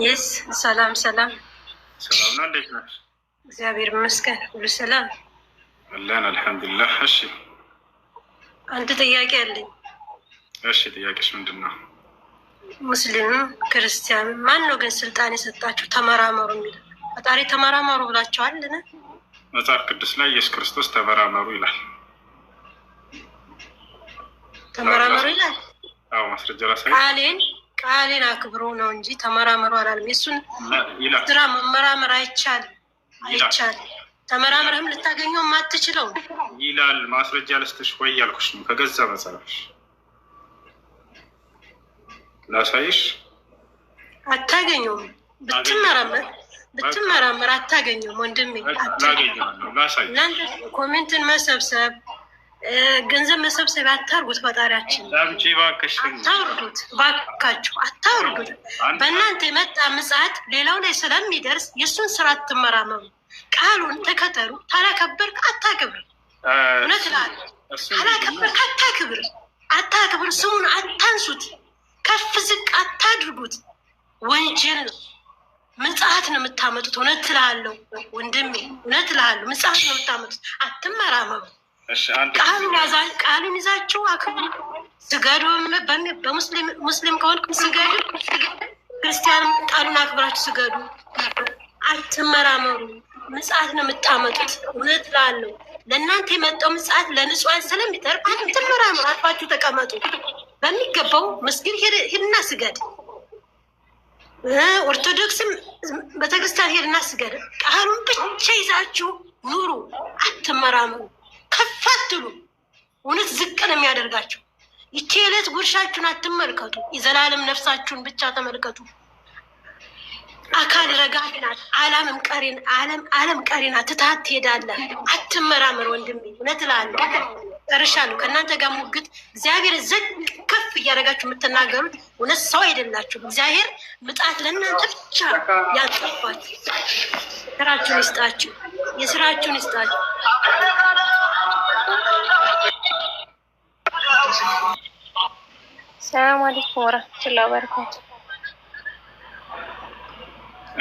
ይስ ሰላም ሰላም ሰላም ነው። እንዴት ነሽ? እግዚአብሔር ይመስገን ሁሉ ሰላም አለን አልሐምዱሊላህ። እሺ አንድ ጥያቄ አለኝ። እሺ ጥያቄሽ ምንድን ነው? ሙስሊም ክርስቲያን ማን ነው ግን ስልጣን የሰጣችሁ ተመራመሩ የሚል ፈጣሪ ተመራመሩ ብላችኋል? ነ መጽሐፍ ቅዱስ ላይ ኢየሱስ ክርስቶስ ተመራመሩ ይላል። ተመራመሩ ይላል። አዎ ማስረጃ ራሳ ቃሌን ቃሌን አክብሮ ነው እንጂ ተመራምሮ አላለም። የእሱን ስራ መመራመር አይቻልም አይቻልም። ተመራምረህም ልታገኘው ማትችለው ይላል። ማስረጃ ልስጥሽ ወይ ያልኩሽ ነው። ከገዛ መጽሐፍሽ ላሳይሽ። አታገኘውም። ብትመራመር ብትመራመር አታገኘውም ወንድሜ። እናንተ ኮሜንትን መሰብሰብ ገንዘብ መሰብሰብ አታርጉት። ፈጣሪያችን አታውርዱት፣ ባካችሁ አታውርዱት። በእናንተ የመጣ ምጽአት ሌላው ላይ ስለሚደርስ የእሱን ስራ አትመራመሩ። ቃሉን ተከተሉ። ታላከበርክ አታክብር። እውነት ላለ ታላከበርክ አታክብር፣ አታክብር። ስሙን አታንሱት፣ ከፍ ዝቅ አታድርጉት። ወንጀል ነው፣ ምጽአት ነው የምታመጡት። እውነት ላለው ወንድሜ፣ እውነት ላለው ምጽአት ነው የምታመጡት። አትመራመሩ ቃሉን ይዛችሁ አክብሩ። ስገዱ በሙስሊም ከሆንክ ስገዱ፣ ክርስቲያን ቃሉን አክብራችሁ ስገዱ። አትመራመሩ። ምጽአት ነው የምታመጡት። እውነት ላለው ለእናንተ የመጣው ምጽአት ለንጹሐን ስለሚተርፍ አትመራመሩ። አርፋችሁ ተቀመጡ። በሚገባው መስጊድ ሄድና ስገድ። ኦርቶዶክስም ቤተክርስቲያን ሄድና ስገድ። ቃሉን ብቻ ይዛችሁ ኑሩ። አትመራመሩ። ከፍ አትሉም። እውነት ዝቅ ነው የሚያደርጋቸው። ይቺ ዕለት ጉርሻችሁን አትመልከቱ፣ የዘላለም ነፍሳችሁን ብቻ ተመልከቱ። አካል ረጋት ናት። ዓለምም ቀሪ አለም ዓለም ቀሪ ናት። ትታት ትሄዳለህ። አትመራመር ወንድሜ፣ እውነት እላለሁ። ጨርሻለሁ። ከእናንተ ጋር ሙግት እግዚአብሔር ዘግ ከፍ እያደረጋችሁ የምትናገሩት እውነት ሰው አይደላችሁም። እግዚአብሔር ምጣት ለእናንተ ብቻ ያንጠፋችሁ። ስራችሁን ይስጣችሁ፣ የስራችሁን ይስጣችሁ። ሰላም አለይኩም ወራህመቱላሂ ወበረካቱ።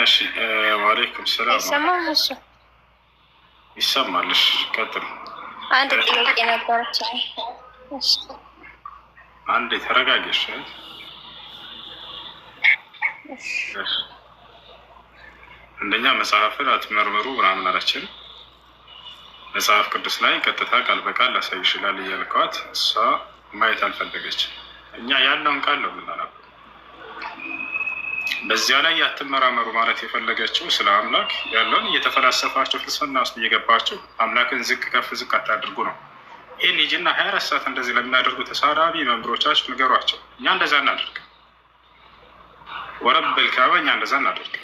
እሺ ወአለይኩም ሰላም። ይሰማል? እሺ ይሰማል። ቀጥል። አንድ ጥያቄ ነበረች። እሺ አንዴ ተረጋግሽ። አንደኛ መጽሐፍን አትመርምሩ ምናምን አላችን። መጽሐፍ ቅዱስ ላይ ቀጥታ ቃል በቃል ላሳይሽላል እያልኳት እሷ ማየት አልፈለገች። እኛ ያለውን ቃል ነው የምናነበው። በዚያ ላይ ያትመራመሩ ማለት የፈለገችው ስለ አምላክ ያለውን እየተፈላሰፋቸው ፍልስፍና ውስጥ እየገባቸው አምላክን ዝቅ ከፍ ዝቅ አታድርጉ ነው። ይህ ልጅና ሀያ አራት ሰዓት እንደዚህ ለሚያደርጉ ተሳዳቢ መምህሮቻችሁ ንገሯቸው። እኛ እንደዛ እናደርግ ወረብ ልካባ እኛ እንደዛ እናደርግ።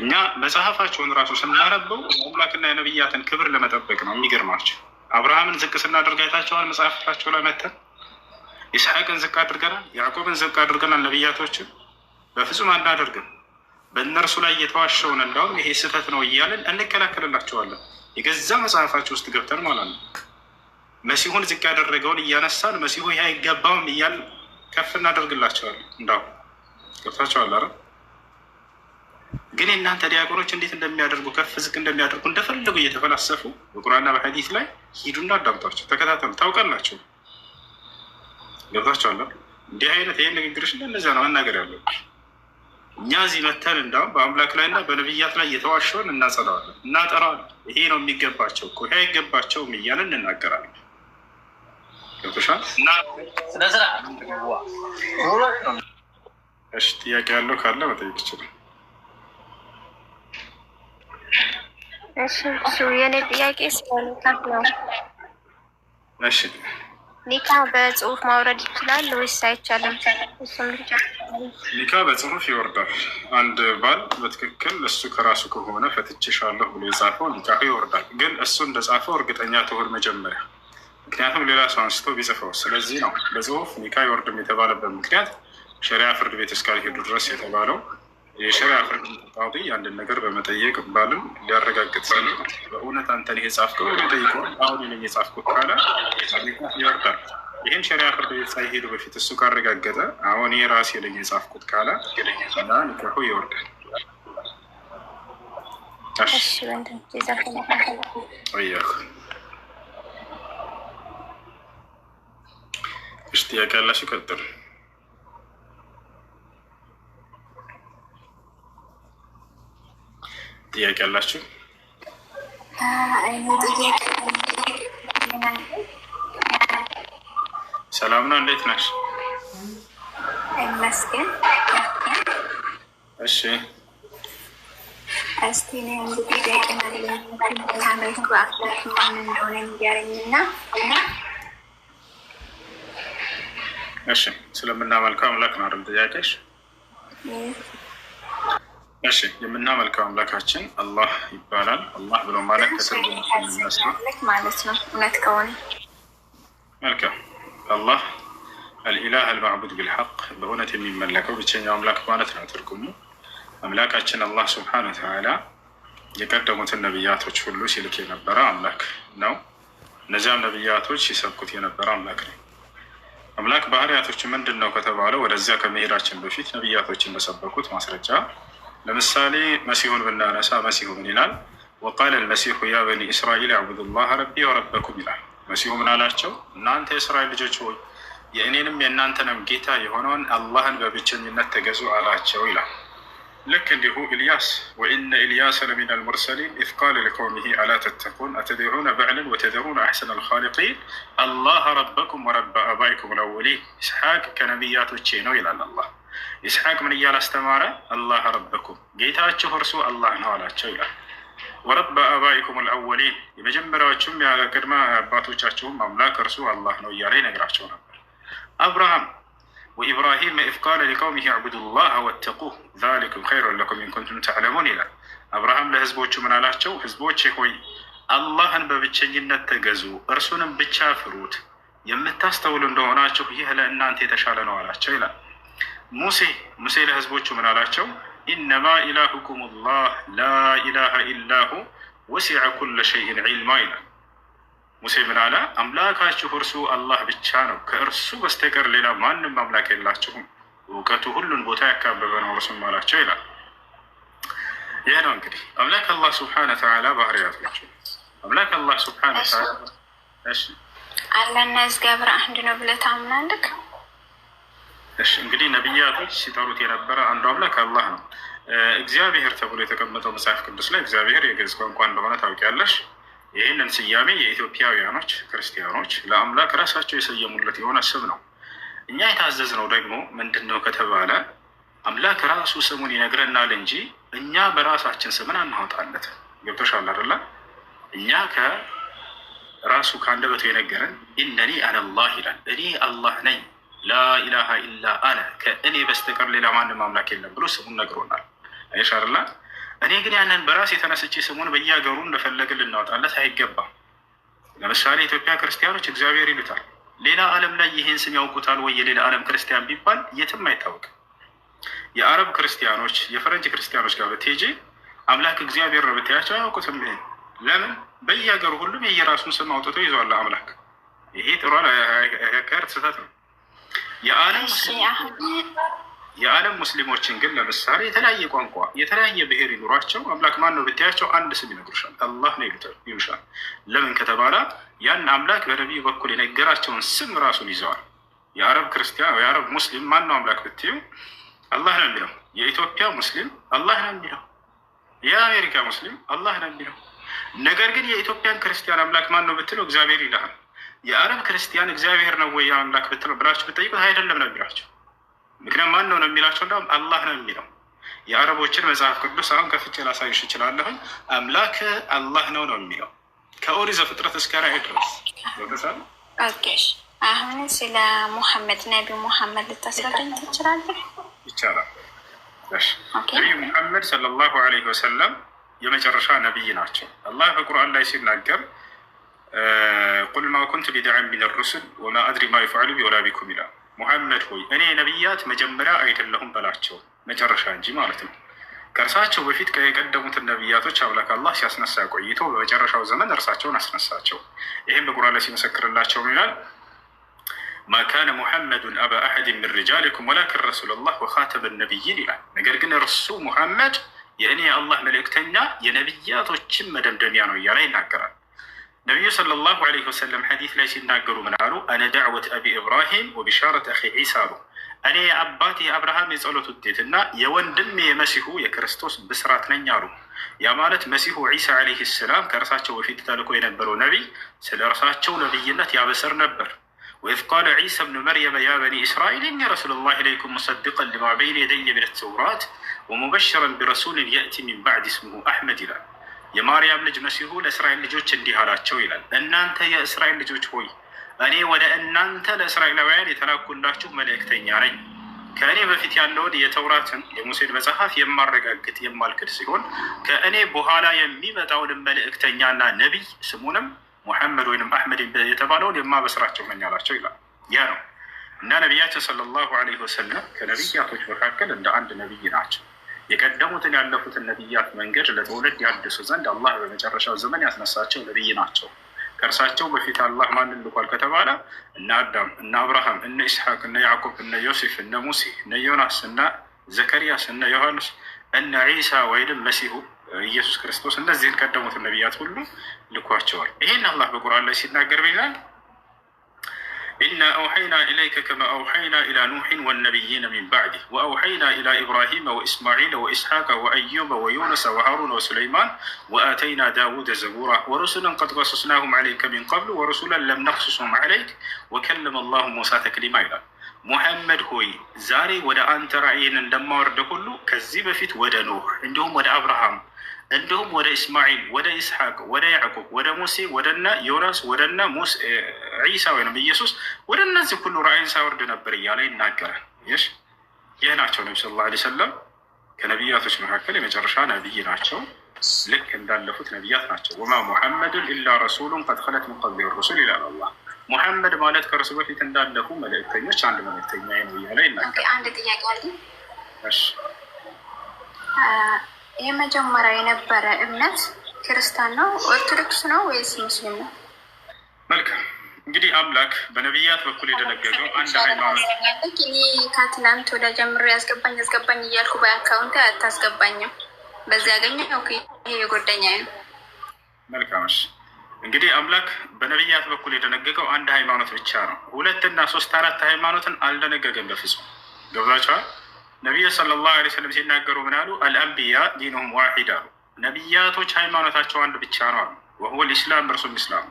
እኛ መጽሐፋቸውን ራሱ ስናነበው የአምላክና የነብያትን ክብር ለመጠበቅ ነው። የሚገርማቸው አብርሃምን ዝቅ ስናደርግ አይታቸዋል። መጽሐፍታቸው ላይ መተን ይስሐቅን ዝቅ አድርገናል፣ ያዕቆብን ዝቅ አድርገናል። ነቢያቶችን በፍጹም አናደርግም። በእነርሱ ላይ እየተዋሸውን እንዳውም ይሄ ስህተት ነው እያለን እንከላከልላቸዋለን። የገዛ መጽሐፋቸው ውስጥ ገብተን ማለት ነው። መሲሁን ዝቅ ያደረገውን እያነሳን መሲሁ ይህ አይገባውም እያልን ከፍ እናደርግላቸዋለን። እንዳው ገብታቸዋል። ግን የእናንተ ዲያቆኖች እንዴት እንደሚያደርጉ ከፍ ዝቅ እንደሚያደርጉ እንደፈለጉ እየተፈላሰፉ በቁርአንና በሐዲስ ላይ ሂዱና አዳምጧቸው፣ ተከታተሉ፣ ታውቃላቸው። ገብታቸዋለ። እንዲህ አይነት ይህን ንግግሮች እንደነዚያ ነው መናገር ያለው። እኛ እዚህ መተን እንዳሁም በአምላክ ላይና በነብያት ላይ እየተዋሸውን እናጸዳዋለን፣ እናጠራዋለን። ይሄ ነው የሚገባቸው እኮ ይሄ አይገባቸውም እያለን እንናገራለን። ገብቶሻል። ጥያቄ ያለው ካለ መጠየቅ ይችላል። እሺ እሱ የኔ ጥያቄ ስለ ኒካህ ነው። እሺ ኒካህ በጽሁፍ ማውረድ ይችላል ወይስ አይቻልም? እሱም ብቻ ኒካህ በጽሁፍ ይወርዳል። አንድ ባል በትክክል እሱ ከራሱ ከሆነ ፈትቼሻለሁ ብሎ የጻፈው ኒካ ይወርዳል። ግን እሱ እንደጻፈው እርግጠኛ ትሁን መጀመሪያ፣ ምክንያቱም ሌላ ሰው አንስቶ ቢጽፈው። ስለዚህ ነው በጽሁፍ ኒካ ይወርድም የተባለበት ምክንያት ሸሪያ ፍርድ ቤት እስካልሄዱ ድረስ የተባለው የሸሪያ ፍርድ ቃዲ አንድን ነገር በመጠየቅ ባልም ሊያረጋግጥ ሲል በእውነት አንተን ነህ የጻፍከው ጠይቆ አሁን ነኝ የጻፍኩት ካለ ይወርዳል። ይህን ሸሪያ ፍርድ ቤት ሳይሄዱ በፊት እሱ ካረጋገጠ አሁን ይህ ራሴ ነኝ የጻፍኩት ካለ እና ንቅሑ ይወርዳል። እሺ ጥያቄ ያላችሁ ቀጥል። ጥያቄ አላችሁ? ሰላም ነው። እንዴት ነሽ? እሺ እስቲ እኔ አንድ ጥያቄ ማለትነቱ በአምላክ ማን እንደሆነ ንገረኝና እሺ። ስለምናመልከው አምላክ ነው አይደል ጥያቄሽ? እሺ የምናመልከው አምላካችን አላህ ይባላል። አላህ ብሎ ማለት ከትርጉሙ ማለት ነው። እውነት ከሆነ መልካም አላህ አልኢላህ አልማዕቡድ ቢልሐቅ በእውነት የሚመለከው ብቸኛው አምላክ ማለት ነው ትርጉሙ። አምላካችን አላህ ስብሓነ ወተዓላ የቀደሙትን ነቢያቶች ሁሉ ሲልክ የነበረ አምላክ ነው። እነዚያም ነቢያቶች ሲሰብኩት የነበረ አምላክ ነው። አምላክ ባህርያቶች ምንድን ነው ከተባለው ወደዚያ ከመሄዳችን በፊት ነቢያቶች እንደሰበኩት ማስረጃ ለምሳሌ መሲሁን ብናነሳ መሲሁ ምን ይላል? ወቃለ ልመሲሑ ያ በኒ እስራኤል አዕቡዱ ላህ ረቢ ወረበኩም ይላል። መሲሁ ምን አላቸው? እናንተ የእስራኤል ልጆች ሆይ የእኔንም የእናንተንም ጌታ የሆነውን አላህን በብቸኝነት ተገዙ አላቸው ይላል። ልክ እንዲሁ ኢልያስ ወኢነ ኢልያስ ለሚን አልሙርሰሊን ኢዝ ቃለ ሊቀውሚሂ አላ ተተቁን አተድዑነ በዕለን ወተዘሩነ አሕሰነ አልኻሊቂን አላህ ረበኩም ወረበ አባይኩም አልአወሊን ኢስሐቅ ከነቢያቶቼ ነው ይላል አላህ። ኢስሐቅ ምን እያላስተማረ አላህ ረበኩም ጌታችሁ እርሱ አላህ ነው አላቸው ይላል። ወረበ አባይኩም አልአወሊን የመጀመሪያዎቹም ቅድመ አባቶቻችሁም አምላክ እርሱ አላህ ነው እያለ ይነግራቸው ነበር አብርሃም ወኢብራሂም ኢዝ ቃለ ሊቀውሚሂ አዕቡዱላህ ወተቁ ዛሊኩም ኸይሩን ለኩም ኢንኩንቱም ተዕለሙን ይላል። አብርሃም ለህዝቦቹ ምን አላቸው? ህዝቦቼ ሆይ አላህን በብቸኝነት ተገዙ፣ እርሱንም ብቻ ፍሩት። የምታስተውሉ እንደሆናችሁ ይህ ለእናንተ የተሻለ ነው አላቸው ይላል። ሙሴ ሙሴ ለህዝቦቹ ምን አላቸው? ኢነማ ኢላሁኩም ላህ ላ ኢላሃ ኢላሁ ወሲዐ ኩለ ሸይን ዒልማ ይላል። ሙሴ ምን አለ? አምላካችሁ እርሱ አላህ ብቻ ነው፣ ከእርሱ በስተቀር ሌላ ማንም አምላክ የላችሁም፣ እውቀቱ ሁሉን ቦታ ያካበበ ነው እርሱም አላቸው ይላል። ይህ ነው እንግዲህ አምላክ አላህ ስብሐነ ወተዓላ ባህሪያቶችን አምላክ አላህ ስብሐነ ወተዓላ እግዚአብሔር አንድ ነው ብለህ ታምናለህ? እሺ እንግዲህ ነቢያቶች ሲጠሩት የነበረ አንዱ አምላክ አላህ ነው። እግዚአብሔር ተብሎ የተቀመጠው መጽሐፍ ቅዱስ ላይ እግዚአብሔር የግዕዝ ቋንቋ እንደሆነ ታውቂያለሽ? ይህንን ስያሜ የኢትዮጵያውያኖች ክርስቲያኖች ለአምላክ ራሳቸው የሰየሙለት የሆነ ስም ነው። እኛ የታዘዝነው ደግሞ ምንድን ነው ከተባለ አምላክ ራሱ ስሙን ይነግረናል እንጂ እኛ በራሳችን ስምን አናወጣለት። ገብቶሻል አይደለ? እኛ ከራሱ ከአንደበቱ የነገረን ኢነኒ አነላህ ይላል። እኔ አላህ ነኝ፣ ላኢላሃ ኢላ አነ ከእኔ በስተቀር ሌላ ማንም አምላክ የለም ብሎ ስሙን ነግሮናል። አይሻርላ እኔ ግን ያንን በራሴ የተነስቼ ስሙን በየሀገሩ እንደፈለገ ልናወጣለት አይገባም። ለምሳሌ ኢትዮጵያ ክርስቲያኖች እግዚአብሔር ይሉታል። ሌላ ዓለም ላይ ይህን ስም ያውቁታል ወይ? የሌላ ዓለም ክርስቲያን ቢባል የትም አይታወቅም። የአረብ ክርስቲያኖች፣ የፈረንጅ ክርስቲያኖች ጋር ብትሄጂ አምላክ እግዚአብሔር ነው ብትያቸው አያውቁትም። ይሄን ለምን? በየሀገሩ ሁሉም የየራሱን ስም አውጥቶ ይዟል አምላክ። ይሄ ጥሯል አካሄድ ስህተት ነው። የዓለም የዓለም ሙስሊሞችን ግን ለምሳሌ የተለያየ ቋንቋ የተለያየ ብሔር ይኑሯቸው አምላክ ማን ነው ብታያቸው አንድ ስም ይነግሩሻል፣ አላህ ነው ይሉሻል። ለምን ከተባለ ያን አምላክ በነቢዩ በኩል የነገራቸውን ስም ራሱን ይዘዋል። የአረብ ክርስቲያን የአረብ ሙስሊም ማን ነው አምላክ ብትዩ አላህ ነው የሚለው። የኢትዮጵያ ሙስሊም አላህ ነው የሚለው። የአሜሪካ ሙስሊም አላህ ነው የሚለው። ነገር ግን የኢትዮጵያን ክርስቲያን አምላክ ማን ነው ብትለው እግዚአብሔር ይልሃል። የአረብ ክርስቲያን እግዚአብሔር ነው ወይ አምላክ ብትለው ብላችሁ ብትጠይቁት አይደለም ነው የሚላቸው። ምክንያት ማን ነው ነው የሚላቸው? እንዳውም አላህ ነው የሚለው። የአረቦችን መጽሐፍ ቅዱስ አሁን ከፍቼ ላሳይሽ እችላለሁኝ። አምላክ አላህ ነው ነው የሚለው ከኦሪት ዘፍጥረት እስከ ራዕይ ድረስ። አሁን ስለ ሙሐመድ ነቢ ሙሐመድ ልታስረዳኝ ትችላለህ? ይቻላል። ነቢ ሙሐመድ ሰለላሁ አለይሂ ወሰለም የመጨረሻ ነቢይ ናቸው። አላህ በቁርአን ላይ ሲናገር ቁል ማ ኩንቱ ቢድዐን ሚን ሩስል ወማ አድሪ ማ ይፍዐሉ ቢወላ ቢኩም ይላል ሙሐመድ ሆይ እኔ ነቢያት መጀመሪያ አይደለሁም በላቸው፣ መጨረሻ እንጂ ማለት ነው። ከእርሳቸው በፊት የቀደሙትን ነቢያቶች አምላክ አላህ ሲያስነሳ ቆይቶ በመጨረሻው ዘመን እርሳቸውን አስነሳቸው። ይህም በቁርአን ላይ ሲመሰክርላቸው ይላል ማካነ ሙሐመዱን አባ አሐድን ምን ሪጃሊኩም ወላኪን ረሱለላህ ወኻተመ ነቢይን ይላል። ነገር ግን እርሱ ሙሐመድ የእኔ የአላህ መልእክተኛ የነቢያቶችን መደምደሚያ ነው እያለ ይናገራል። ነቢዩ ሰለላሁ ዐለይሂ ወሰለም ሐዲስ ላይ ሲናገሩ ምን አሉ? አነ ዳዕወት አቢ ኢብራሂም ወቢሻረት አኺ ዒሳ አሉ። እኔ የአባት የአብርሃም የጸሎት ውጤት እና የወንድሜ የመሲሁ የክርስቶስ ብስራት ነኝ አሉ። ያ ማለት መሲሁ ዒሳ ዐለይሂ ሰላም ከእርሳቸው በፊት ተልኮ የነበረው ነቢይ ስለ እርሳቸው ነቢይነት ያበስር ነበር። ወኢዝ ቃለ ዒሳ ብኑ መርየም ያ በኒ እስራኤል እኒ ረሱሉላሂ ኢለይኩም ሙሰድቀን ሊማ በይነ የደየ ሚነ ተውራት ወሙበሽረን ቢረሱልን የእቲ ሚን ባዕድ ስሙሁ አሕመድ ይላል። የማርያም ልጅ መሲሁ ለእስራኤል ልጆች እንዲህ አላቸው ይላል። እናንተ የእስራኤል ልጆች ሆይ እኔ ወደ እናንተ ለእስራኤላውያን የተላኩላችሁ መልእክተኛ ነኝ። ከእኔ በፊት ያለውን የተውራትን የሙሴን መጽሐፍ የማረጋግጥ የማልክድ ሲሆን ከእኔ በኋላ የሚመጣውንም መልእክተኛና ነቢይ ስሙንም ሙሐመድ ወይም አሕመድ የተባለውን የማበስራቸው ነኝ አላቸው ይላል። ያ ነው እና ነቢያችን ሰለላሁ ዐለይሂ ወሰለም ከነቢያቶች መካከል እንደ አንድ ነቢይ ናቸው። የቀደሙትን ያለፉትን ነቢያት መንገድ ለትውልድ ያድሱ ዘንድ አላህ በመጨረሻው ዘመን ያስነሳቸው ነቢይ ናቸው። ከእርሳቸው በፊት አላህ ማንን ልኳል ከተባለ እነ አዳም፣ እነ አብርሃም፣ እነ ኢስሐቅ፣ እነ ያዕቆብ፣ እነ ዮሴፍ፣ እነ ሙሴ፣ እነ ዮናስ፣ እነ ዘከርያስ፣ እነ ዮሐንስ፣ እነ ዒሳ ወይንም መሲሁ ኢየሱስ ክርስቶስ እነዚህን ቀደሙትን ነቢያት ሁሉ ልኳቸዋል። ይህን አላህ በቁርአን ላይ ሲናገር ይላል إنا أوحينا إليك كما أوحينا إلى نوح والنبيين من بعده وأوحينا إلى إبراهيم وإسماعيل وإسحاق وأيوب ويونس وهارون وسليمان وآتينا داود زبورا ورسلا قد قصصناهم عليك من قبل ورسلا لم نقصصهم عليك وكلم الله موسى تكليما إلى ሙሐመድ ሆይ ዛሬ ወደ አንተ ራእይን እንደማወርድ ሁሉ ከዚህ በፊት ወደ ኖህ እንዲሁም ወደ አብርሃም እንዲሁም ወደ ኢስማዒል ወደ ኢስሐቅ ወደ ያዕቁብ ወደ ሙሴ ወደነ ዮናስ ወደነ ዒሳ ወይም ኢየሱስ ወደ እነዚህ ሁሉ ራእይን ሳወርድ ነበር እያለ ይናገራል። ይሽ ይህ ናቸው ነቢ ስለ ላ ሰለም ከነቢያቶች መካከል የመጨረሻ ነቢይ ናቸው። ልክ እንዳለፉት ነቢያት ናቸው። ወማ ሙሐመድን ኢላ ረሱሉን ቀድ ኸለት ምን ቀብሊሂ ሩሱል ይላል አላህ ሙሐመድ ማለት ከእርሱ በፊት እንዳለፉ መልእክተኞች አንድ መልእክተኛ ነው እያለ ይናገራል። አንድ ጥያቄ አለ። የመጀመሪያ የነበረ እምነት ክርስቲያን ነው፣ ኦርቶዶክስ ነው ወይስ ሙስሊም ነው? መልካም እንግዲህ አምላክ በነቢያት በኩል የደነገገው አንድ ሃይማኖት። እኔ ከትናንት ወደ ጀምሮ ያስገባኝ ያስገባኝ እያልኩ በአካውንት አታስገባኝም። በዚያ ያገኘ ይሄ የጎደኛ ነው። መልካም እሺ እንግዲህ አምላክ በነቢያት በኩል የደነገገው አንድ ሃይማኖት ብቻ ነው። ሁለትና ሶስት አራት ሃይማኖትን አልደነገገም በፍጹም ገብዛቸዋል። ነቢዩ ሰለላሁ ዐለይሂ ወሰለም ሲናገሩ ምን አሉ? አልአንቢያ ዲኑም ዋሂድ አሉ። ነቢያቶች ሃይማኖታቸው አንድ ብቻ ነው አሉ። ወሁወል ኢስላም እርሱም ኢስላም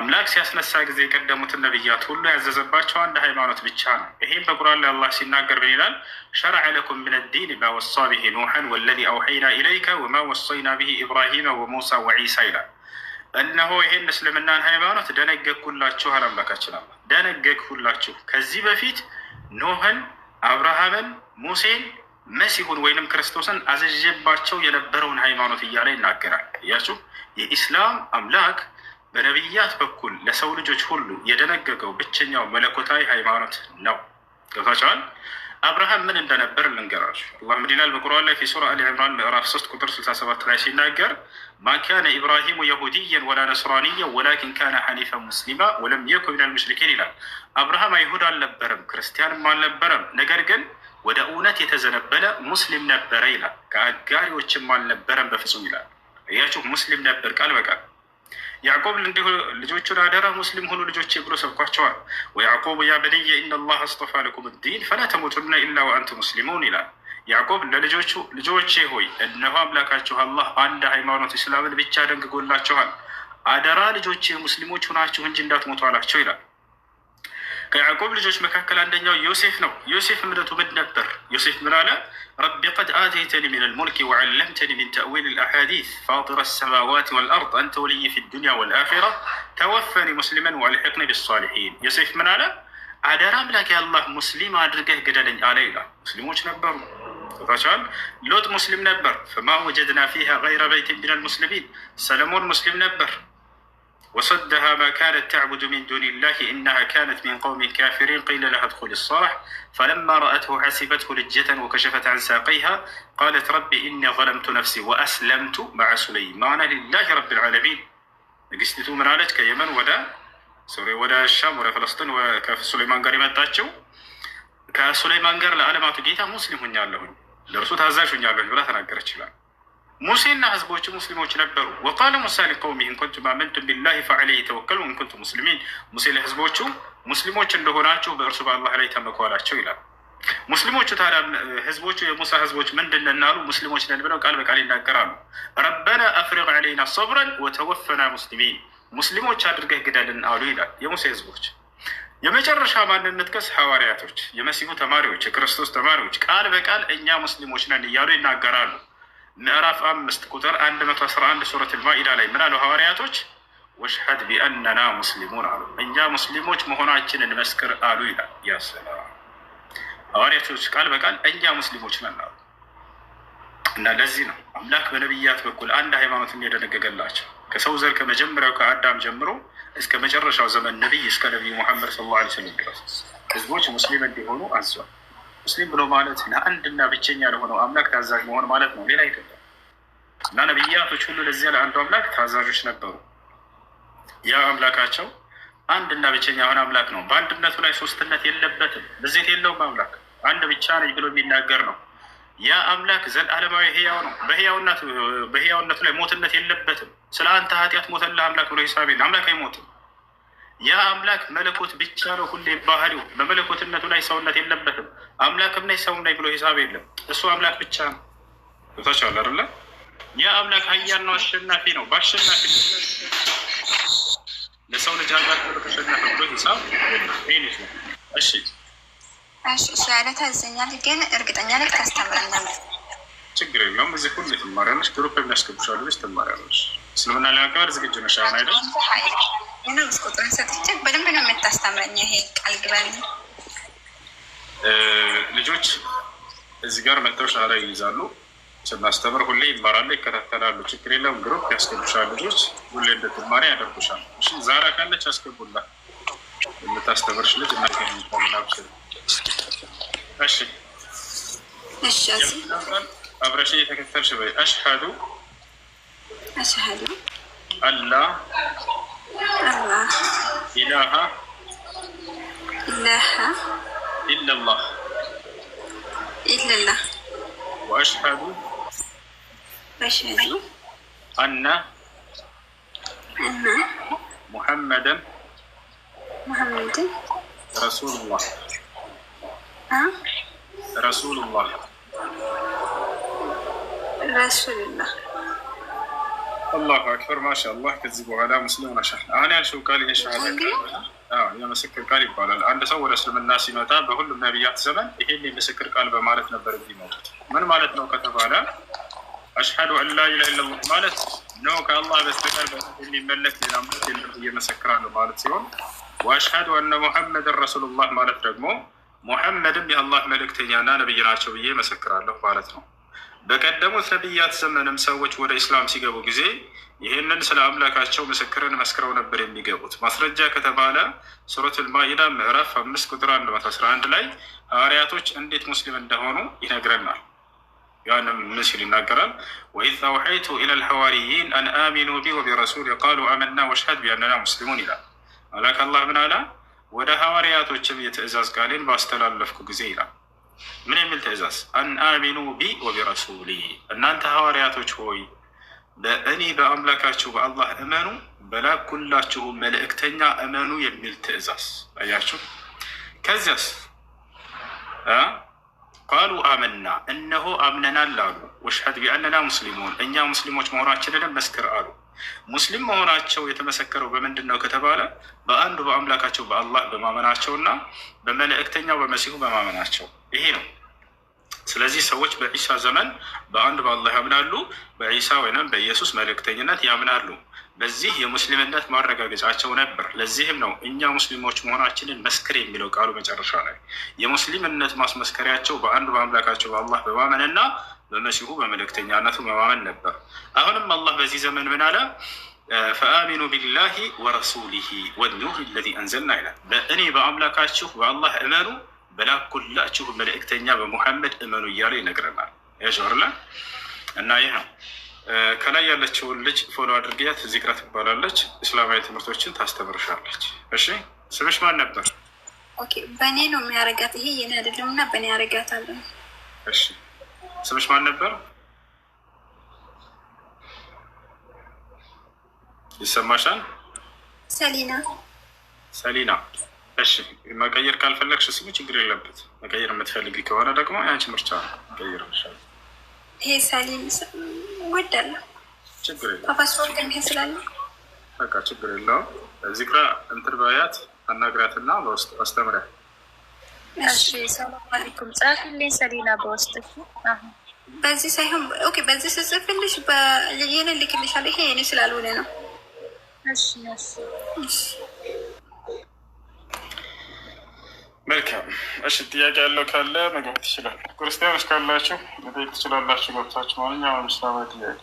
አምላክ ሲያስነሳ ጊዜ የቀደሙትን ነቢያት ሁሉ ያዘዘባቸው አንድ ሃይማኖት ብቻ ነው። ይሄም በቁርአን ላይ አላህ ሲናገር ምን ይላል? ሸረዐ ለኩም ምን ዲን ማ ወሳ ብሂ ኑሐን ወለዚ አውሐይና ኢለይከ ወማ ወሰይና ብሂ ኢብራሂመ ወሙሳ ወዒሳ ይላል። እነሆ ይሄን እስልምናን ሃይማኖት ደነገግኩላችሁ አላምላካችን አላ ደነገግኩላችሁ። ከዚህ በፊት ኖህን፣ አብርሃምን፣ ሙሴን፣ መሲሁን ወይንም ክርስቶስን አዘዤባቸው የነበረውን ሃይማኖት እያለ ይናገራል። እያችሁ የኢስላም አምላክ በነቢያት በኩል ለሰው ልጆች ሁሉ የደነገገው ብቸኛው መለኮታዊ ሃይማኖት ነው። ገብታችኋል? አብርሃም ምን እንደነበር ልንገራችሁ። አላህ ምን ይላል በቁርአን ላይ ሱራ አሊ ምዕራፍ 3 ቁጥር 67 ላይ ሲናገር ማ ካነ ኢብራሂሙ የሁድየን ወላ ነስራንየን ወላኪን ካነ ሐኒፈ ሙስሊማ ወለም የኩ ሚነል ሙሽሪኪን ይላል። አብርሃም አይሁድ አልነበረም፣ ክርስቲያንም አልነበረም። ነገር ግን ወደ እውነት የተዘነበለ ሙስሊም ነበረ ይላል። ከአጋሪዎችም አልነበረም በፍጹም ይላል። እያችሁ ሙስሊም ነበር ቃል በቃል ያዕቆብ እንዲሁ ልጆቹን አደራ ሙስሊም ሆኑ ልጆቼ ብሎ ሰብኳቸዋል። ወያዕቆብ ያ በንየ ኢና ላህ አስጠፋ ለኩም ዲን ፈላ ተሞቱና ኢላ ወአንቱ ሙስሊሙን ይላል። ያዕቆብ ለልጆቹ ልጆቼ ሆይ እነሆ አምላካችሁ አላህ አንድ ሃይማኖት እስላምን ብቻ ደንግጎላችኋል፣ አደራ ልጆቼ ሙስሊሞች ሆናችሁ እንጂ እንዳትሞቱ አላቸው ይላል። ከያዕቆብ ልጆች መካከል አንደኛው ዮሴፍ ነው። ዮሴፍ እምነቱ ምን ነበር? ዮሴፍ ምን አለ? ረቢ ቀድ አተይተኒ ምን ልሙልክ ወዓለምተኒ ምን ተእዊል ልአሓዲት ፋጢረ ሰማዋት ወልአርድ አንተ ወልይ ፊ ዱንያ ወልአኺራ ተወፈኒ ሙስሊመን ወአልሕቅኒ ብሳሊሒን። ዮሴፍ ምን አለ? አደራ አምላክ የአላህ ሙስሊም አድርገህ ግደለኝ አለ ይላል። ሙስሊሞች ነበሩ ተጠቅሷል። ሎጥ ሙስሊም ነበር። ፈማ ወጀድና ፊሃ ገይረ በይት ሚነል ሙስሊሚን። ሰለሞን ሙስሊም ነበር። وصدها ما كانت تعبد من دون الله إنها كانت من قوم كافرين قيل لها ادخل الصالح فلما رأته حسبته لجة وكشفت عن ساقيها قالت ربي إني ظلمت نفسي وأسلمت مع سليمان لله رب العالمين قسطت من عالج كيمن ولا سوري ولا الشام ولا فلسطين وكاف سليمان قال ما تاتشو كسليمان قال لألم أتقيتها مسلم هنيا لهن لرسول هزاش يعلمون لهن ولا تنقرتش لهن ሙሴና ህዝቦች ሙስሊሞች ነበሩ። ወቃለ ሙሳ ሊቀውሚ እንኩንቱም አመንቱም ቢላሂ ፈዐለይሂ ተወከሉ እንኩንቱ ሙስሊሚን። ሙሴ ለህዝቦቹ ሙስሊሞች እንደሆናችሁ በእርሱ በአላህ ላይ ተመኳላቸው ይላል። ሙስሊሞቹ ታዲያ ህዝቦቹ የሙሳ ህዝቦች ምንድን ነን አሉ። ሙስሊሞች ነን ብለው ቃል በቃል ይናገራሉ። ረበና አፍሪቅ ዓለይና ሰብረን ወተወፈና ሙስሊሚን፣ ሙስሊሞች አድርገህ ግደልን አሉ ይላል የሙሴ ህዝቦች የመጨረሻ ማንነት ቀስ ሐዋርያቶች፣ የመሲሁ ተማሪዎች፣ የክርስቶስ ተማሪዎች ቃል በቃል እኛ ሙስሊሞች ነን እያሉ ይናገራሉ። ምዕራፍ አምስት ቁጥር አንድ መቶ አስራ አንድ ሱረት ልማኢዳ ላይ ምን አሉ ሐዋርያቶች? ወሽሀድ ቢአነና ሙስሊሙን አሉ፣ እኛ ሙስሊሞች መሆናችን እንመስክር አሉ ይላል። ያሰላ ሐዋርያቶች ቃል በቃል እኛ ሙስሊሞች ነን አሉ። እና ለዚህ ነው አምላክ በነቢያት በኩል አንድ ሃይማኖት የደነገገላቸው ከሰው ዘር ከመጀመሪያው ከአዳም ጀምሮ እስከ መጨረሻው ዘመን ነቢይ እስከ ነቢይ ሙሐመድ ሰለላሁ ዓለይሂ ወሰለም ድረስ ህዝቦች ሙስሊም እንዲሆኑ አዟል። ሙስሊም ብሎ ማለት ለአንድና ብቸኛ ለሆነው አምላክ ታዛዥ መሆን ማለት ነው፣ ሌላ አይደለም። እና ነቢያቶች ሁሉ ለዚያ ለአንዱ አምላክ ታዛዦች ነበሩ። ያ አምላካቸው አንድና ብቸኛ የሆነ አምላክ ነው። በአንድነቱ ላይ ሶስትነት የለበትም፣ ብዜት የለውም። አምላክ አንድ ብቻ ነኝ ብሎ የሚናገር ነው። ያ አምላክ አለማዊ ህያው ነው። በህያውነቱ ላይ ሞትነት የለበትም። ስለ አንተ ኃጢአት ሞተልህ አምላክ ብሎ ሂሳብ አምላክ አይሞትም። ያ አምላክ መለኮት ብቻ ነው። ሁሌ ባህሪው በመለኮትነቱ ላይ ሰውነት የለበትም። አምላክም ነኝ ሰውም ነኝ ብሎ ሂሳብ የለም። እሱ አምላክ ብቻ ነው። ታቻለ አለ ያ አምላክ ሀያል ነው፣ አሸናፊ ነው። በአሸናፊ ለሰው ልጅ ሀገር ተሸናፊ ብሎ ሂሳብ ይህን ይችላል። እሺ እሺ እሺ ያለ ታዘኛል፣ ግን እርግጠኛ ላይ ታስተምረኛል። ችግር የለውም። እዚህ ሁሉ ትማሪያለሽ፣ ግሩፕ የሚያስገቡሻሉ የሚያስገብሻለች ትማሪያለሽ። እስልምና ለመቀበል ዝግጁ ነሽ? አሁን አይደል? ምንም ቁጥርን ሰጥቼ በደንብ ነው የምታስተምረኝ። ይሄ ቃል ግባል ልጆች እዚህ ጋር መጥተው ሻራ ይይዛሉ። ስናስተምር ሁሌ ይማራሉ፣ ይከታተላሉ። ችግር የለም። ግሩፕ ያስገቡሻል። ልጆች ሁሌ እንደትማሪ ያደርጉሻል። ዛራ ካለች ያስገቡላ የምታስተምርሽ ልጅ እናገኝታልናብስ እሺ አብረሽ እየተከተልሽ በይ። አሽሃዱ አሽሀዱ አላ ኢላሃ ኢላሃ ኢላላህ إلا الله وأشهد أشهد أن أن محمدا محمدا رسول الله أه؟ رسول الله رسول الله الله أكبر ما شاء الله كذبوا على مسلم شحن أنا شو قال إيش على የምስክር ቃል ይባላል። አንድ ሰው ወደ እስልምና ሲመጣ በሁሉም ነቢያት ዘመን ይሄን የምስክር ቃል በማለት ነበር የሚመጡት። ምን ማለት ነው ከተባለ አሽሀዱ አላ ኢላ ኢላ ማለት ነው። ከአላህ በስተቀር የሚመለክ ሌላ ምት የለም እየመሰክራለሁ ማለት ሲሆን ወአሽሀዱ አነ ሙሐመድን ረሱሉላህ ማለት ደግሞ ሙሐመድም የአላህ መልእክተኛና ነብይ ናቸው ብዬ መሰክራለሁ ማለት ነው። በቀደሙት ነቢያት ዘመንም ሰዎች ወደ ኢስላም ሲገቡ ጊዜ ይህንን ስለ አምላካቸው ምስክርን መስክረው ነበር የሚገቡት። ማስረጃ ከተባለ ሱረቱል ማኢዳ ምዕራፍ አምስት ቁጥር አንድ መቶ አስራ አንድ ላይ ሐዋርያቶች እንዴት ሙስሊም እንደሆኑ ይነግረናል። ያንም ምን ሲል ይናገራል? ወኢዝ አውሐይቱ ኢለል ሐዋርይን አን አሚኑ ቢ ወቢረሱል ቃሉ አመና ወሽሀድ ቢአንና ሙስሊሙን ይላል። አላህ ምን ወደ ሐዋርያቶችም የትእዛዝ ቃሌን ባስተላለፍኩ ጊዜ ይላል ምን የሚል ትእዛዝ? አን አሚኑ ቢ ወቢረሱሊ እናንተ ሐዋርያቶች ሆይ በእኔ በአምላካችሁ በአላህ እመኑ፣ በላኩላችሁ መልእክተኛ እመኑ የሚል ትእዛዝ። አያችሁ። ከዚያስ ቃሉ አመና፣ እነሆ አምነናል አሉ። ወሽሐድ ቢአነና ሙስሊሙን፣ እኛ ሙስሊሞች መሆናችንን መስክር አሉ። ሙስሊም መሆናቸው የተመሰከረው በምንድን ነው ከተባለ በአንዱ በአምላካቸው በአላህ በማመናቸውና በመልእክተኛው በመሲሁ በማመናቸው ይሄ ነው። ስለዚህ ሰዎች በዒሳ ዘመን በአንድ በአላህ ያምናሉ፣ በዒሳ ወይም በኢየሱስ መልእክተኝነት ያምናሉ። በዚህ የሙስሊምነት ማረጋገጫቸው ነበር። ለዚህም ነው እኛ ሙስሊሞች መሆናችንን መስክር የሚለው ቃሉ መጨረሻ ላይ የሙስሊምነት ማስመስከሪያቸው በአንድ በአምላካቸው በአላህ በማመንና በመሲሁ በመልእክተኛነቱ በማመን ነበር። አሁንም አላህ በዚህ ዘመን ምን አለ? ፈአሚኑ ቢላሂ ወረሱሊሂ ወኑህ ለዚ አንዘልና ይላል። በእኔ በአምላካችሁ በአላህ እመኑ በላኩላችሁ መልእክተኛ በሙሐመድ እመኑ እያለ ይነግረናል። ያሸርለ እና ይህ ነው። ከላይ ያለችውን ልጅ ፎሎ አድርጊያት። ዚክራ ትባላለች። እስላማዊ ትምህርቶችን ታስተምርሻለች። እሺ ስምሽ ማን ነበር? በእኔ ነው የሚያረጋት። ይሄ የኔ አይደለም እና በእኔ ያረጋታለሁ። እሺ ስምሽ ማን ነበር? ይሰማሻል? ሰሊና ሰሊና እሺ መቀየር ካልፈለግሽ ስሙ ችግር የለበት። መቀየር የምትፈልግ ከሆነ ደግሞ ያንቺ ምርጫ ነው። መቀየር ይሄ ሳሊም ወዳለ ችግር የለም። በቃ ችግር የለውም። ዚክራ እንትን በያት አናግራትና በውስጥ አስተምሪያ። ሰላም አለይኩም ጻፍልኝ ሰሊና በውስጥ በዚህ ሳይሆን ኦኬ፣ በዚህ ስጽፍልሽ የኔ ልክልሻለሁ። ይሄ የኔ ስላልሆነ ነው። እሺ እሺ መልካም እሺ፣ ጥያቄ ያለው ካለ መግባት ይችላል። ክርስቲያኖች ካላችሁ መጠየቅ ትችላላችሁ ገብታችሁ ማንኛውም እስላማዊ ጥያቄ